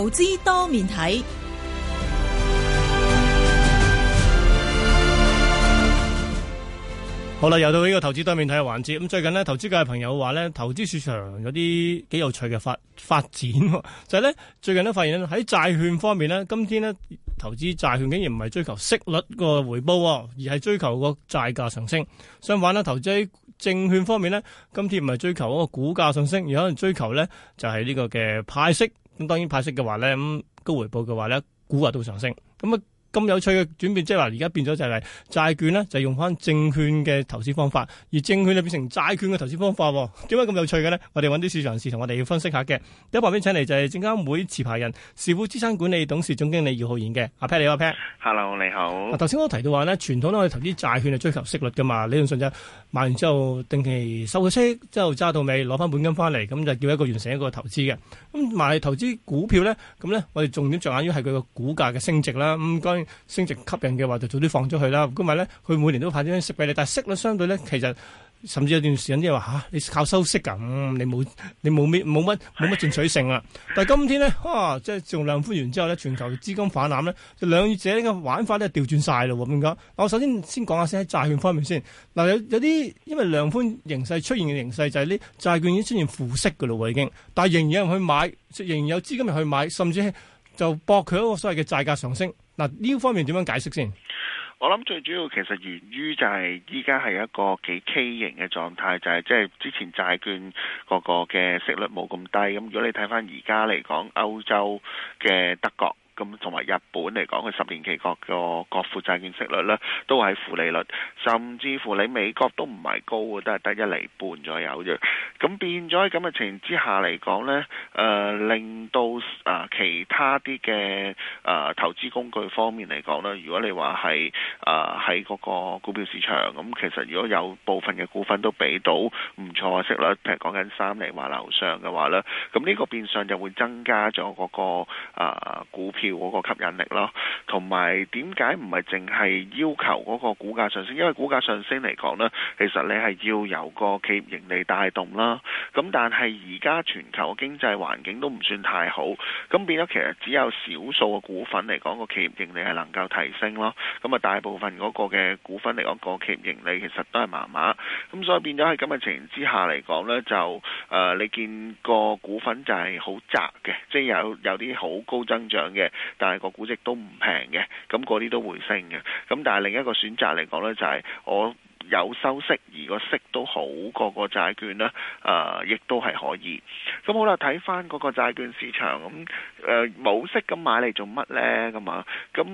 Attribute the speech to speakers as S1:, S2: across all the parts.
S1: 投資多面體，
S2: 好啦，又到呢個投資多面體嘅環節。咁最近呢，投資界嘅朋友話呢投資市場有啲幾有趣嘅發發展。就係呢，最近呢發現喺債券方面呢今天呢投資債券竟然唔係追求息率個回報，而係追求個債價上升。相反啦，投資喺證券方面呢今天唔係追求嗰個股價上升，而可能追求呢就係呢個嘅派息。咁當然派息嘅話咧，咁高回報嘅話咧，股價都會上升。咁、嗯、啊。咁有趣嘅轉變，即係話而家變咗就係債券呢就是、用翻證券嘅投資方法，而證券就變成債券嘅投資方法。點解咁有趣嘅呢？我哋揾啲市場人士同我哋要分析下嘅。第一個話面請嚟就係證監會持牌人、時富資產管理董事總經理姚浩然嘅。阿 Pat，你好，Pat。Hello，你好。嗱、啊，頭先我提到話呢，傳統我哋投資債券係追求息率㗎嘛，理論上就是、買完之後定期收息，之後揸到尾攞翻本金翻嚟，咁就叫一個完成一個投資嘅。咁、啊、買投資股票呢，咁呢，我哋重點着眼於係佢個股價嘅升值啦。咁、嗯，升值吸引嘅話，就早啲放咗佢啦。咁埋咧，佢每年都派啲息俾你，但息率相對咧，其實甚至有段時間啲人話吓，你靠收息噶、嗯，你冇你冇咩冇乜冇乜進取性啊。但係今天呢，啊、即係仲量寬完之後呢，全球資金汎濫咧，兩者呢個玩法咧調轉晒咯。點解？我首先先講下先喺，債券方面先嗱、啊，有有啲因為量寬形勢出現嘅形勢就係呢債券已經出現負息噶啦、啊，已經，但係仍然有人去買，仍然有資金去買，甚至就搏佢一個所謂嘅債價上升。嗱，呢方面點樣解釋先？
S1: 我諗最主要其實源於就係依家係一個幾畸形嘅狀態，就係即係之前債券的個個嘅息率冇咁低。咁如果你睇翻而家嚟講歐洲嘅德國。咁同埋日本嚟講，佢十年期個個負債券息率咧，都喺負利率，甚至乎你美國都唔係高嘅，都係得一釐半左右啫。咁變咗喺咁嘅情之下嚟講咧，誒令到誒其他啲嘅誒投資工具方面嚟講咧，如果你話係誒喺嗰個股票市場，咁其實如果有部分嘅股份都俾到唔錯嘅息率，譬如講緊三釐或樓上嘅話咧，咁呢個變相就會增加咗嗰個誒股票。我個吸引力咯，同埋點解唔係淨係要求嗰個股價上升？因為股價上升嚟講呢，其實你係要由個企業盈利帶動啦。咁但係而家全球嘅經濟環境都唔算太好，咁變咗其實只有少數嘅股份嚟講，個企業盈利係能夠提升咯。咁啊，大部分嗰個嘅股份嚟講，個企業盈利其實都係麻麻。咁所以變咗喺咁嘅情形之下嚟講呢，就誒、呃、你見個股份就係好窄嘅，即、就、係、是、有有啲好高增長嘅。但係個估值都唔平嘅，咁嗰啲都會升嘅。咁但係另一個選擇嚟講呢，就係、是、我有收息，而個息都好過個債券啦。誒、呃，亦都係可以。咁好啦，睇翻嗰個債券市場，咁誒冇息咁買嚟做乜呢？咁啊，咁。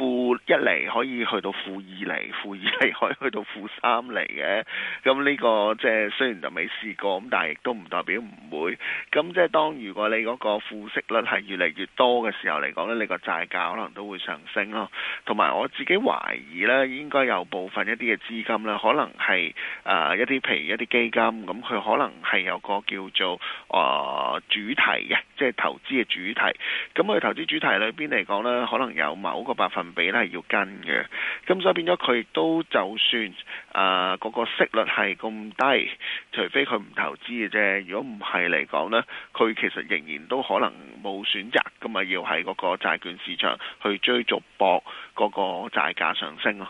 S1: 負一釐可以去到負二釐，負二釐可以去到負三釐嘅，咁呢個即係雖然就未試過，咁但係亦都唔代表唔會。咁即係當如果你嗰個負息率係越嚟越多嘅時候嚟講呢，你個債價可能都會上升咯。同埋我自己懷疑呢應該有部分一啲嘅資金呢，可能係誒一啲譬如一啲基金，咁佢可能係有個叫做誒、呃、主題嘅，即係投資嘅主題。咁佢投資主題裏邊嚟講呢，可能有某個百分。比呢係要跟嘅，咁所以變咗佢都就算啊嗰個息率係咁低，除非佢唔投資嘅啫。如果唔係嚟講呢，佢其實仍然都可能冇選擇咁嘛，要喺嗰個債券市場去追逐博嗰個債價上升咯。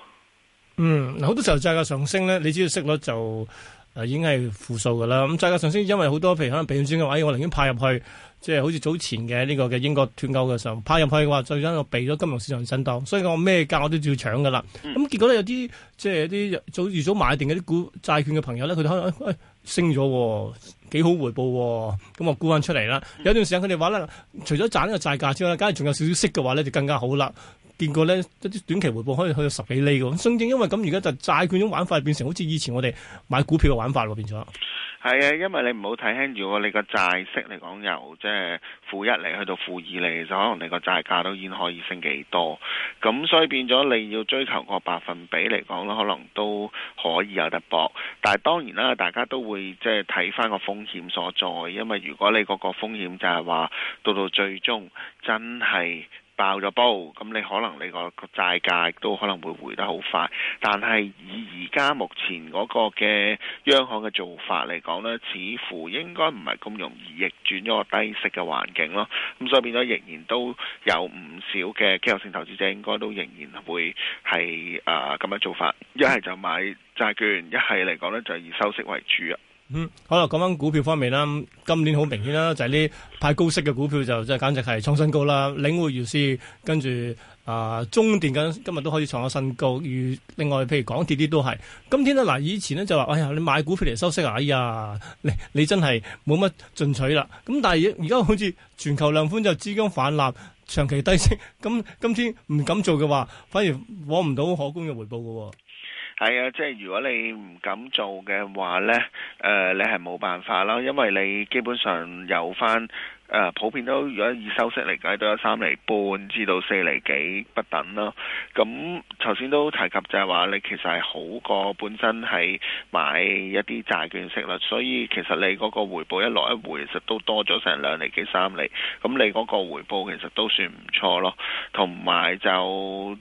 S2: 嗯，好多時候債價上升呢，你只要息率就。已經係負數噶啦，咁債價上升，因為好多譬如可能避險嘅話，我寧願派入去，即係好似早前嘅呢、這個嘅英國脫鈎嘅時候，派入去嘅話，最終我避咗金融市場震盪，所以講咩價我都照搶噶啦。咁、嗯嗯、結果呢，有啲即係啲早預早買定嘅啲股債券嘅朋友呢，佢哋可能、哎哎、升咗，幾好回報、啊，咁我估翻出嚟啦。有段時間佢哋話咧，除咗賺呢個債價之外梗係仲有少少息嘅話呢，就更加好啦。見過呢，一啲短期回報可以去到十幾厘嘅，正正因為咁而家就債券種玩法變成好似以前我哋買股票嘅玩法咯，變咗。
S1: 係啊，因為你唔好睇輕如果你個債息嚟講由即係負一釐去到負二釐，就可能你個債價都已經可以升幾多。咁所以變咗你要追求個百分比嚟講咧，可能都可以有得博。但係當然啦，大家都會即係睇翻個風險所在，因為如果你嗰個風險就係話到到最終真係。爆咗煲，咁你可能你個債價都可能會回得好快。但係以而家目前嗰個嘅央行嘅做法嚟講呢，似乎應該唔係咁容易逆轉咗個低息嘅環境咯。咁所以變咗仍然都有唔少嘅機構性投資者，應該都仍然會係誒咁樣做法，一係就買債券，一係嚟講呢，就以收息為主。
S2: 嗯，好啦，講翻股票方面啦，今年好明顯啦，就呢派高息嘅股票就即係簡直係創新高啦，領匯、如是，跟住啊、呃、中電咁，今日都可以創咗新高。而另外譬如港鐵啲都係，今天呢，嗱、呃，以前呢就話、哎，哎呀，你買股票嚟收息啊，哎呀，你你真係冇乜進取啦。咁但係而家好似全球量寬就資金泛濫，長期低息，咁今天唔敢做嘅話，反而獲唔到可觀嘅回報噶、哦。
S1: 係啊，即係如果你唔敢做嘅話咧，誒、呃，你係冇辦法啦，因為你基本上有翻。普遍都如果以收息嚟計，都有三厘半至到四厘幾不等咯。咁頭先都提及就係話，你其實係好過本身係買一啲債券息啦。所以其實你嗰個回報一來一回，其實都多咗成兩厘幾三厘，咁你嗰個回報其實都算唔錯咯。同埋就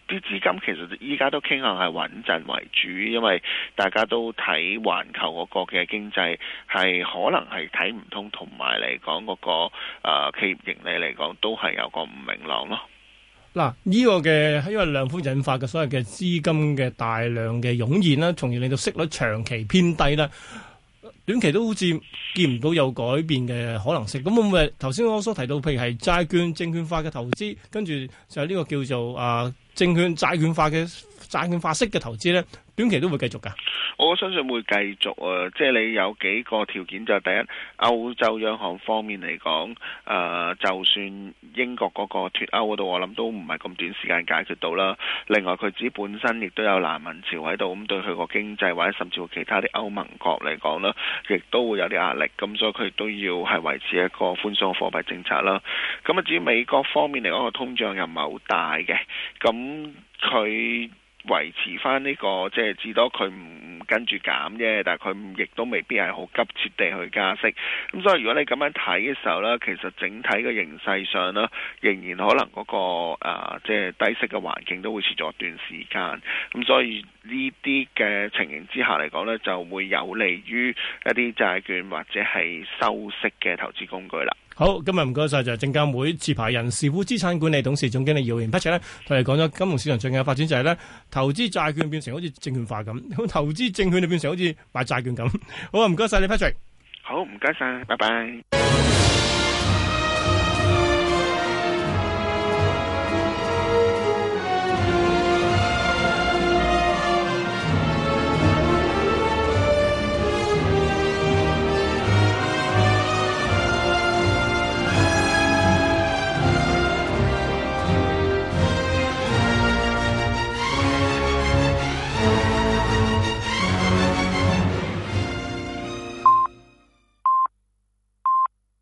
S1: 啲資金其實依家都傾向係穩陣為主，因為大家都睇環球嗰個嘅經濟，係可能係睇唔通，同埋嚟講嗰個。誒、啊，企業盈利嚟講都係有個唔明朗咯。
S2: 嗱、啊、呢、這個嘅，因為量寬引發嘅所謂嘅資金嘅大量嘅湧現啦，從而令到息率長期偏低啦，短期都好似見唔到有改變嘅可能性。咁我咪頭先我所提到，譬如係債券證券化嘅投資，跟住就係呢個叫做啊證券債券化嘅債券化式嘅投資咧。短期都會繼續㗎，
S1: 我相信會繼續啊！即係你有幾個條件就係，第一，歐洲央行方面嚟講，誒、呃，就算英國嗰個脱歐嗰度，我諗都唔係咁短時間解決到啦。另外，佢自己本身亦都有難民潮喺度，咁對佢個經濟或者甚至乎其他啲歐盟國嚟講啦，亦都會有啲壓力，咁所以佢都要係維持一個寬鬆嘅貨幣政策啦。咁啊，至於美國方面嚟講，個通脹又唔係好大嘅，咁佢。維持翻呢個即係至多佢唔跟住減啫，但係佢亦都未必係好急切地去加息。咁所以如果你咁樣睇嘅時候呢，其實整體嘅形勢上呢，仍然可能嗰個、呃、即係低息嘅環境都會持續一段時間。咁所以呢啲嘅情形之下嚟講咧，就會有利於一啲債券或者係收息嘅投資工具啦。
S2: 好，今日唔該晒就係證監會持牌人士、時富資產管理董事總經理姚浩然。Patrick 咧，同你講咗金融市場最近嘅發展，就係咧，投資債券變成好似證券化咁，投資證券就變成好似買債券咁。好啊，唔該晒你，Patrick。
S1: 好，唔該晒，拜拜。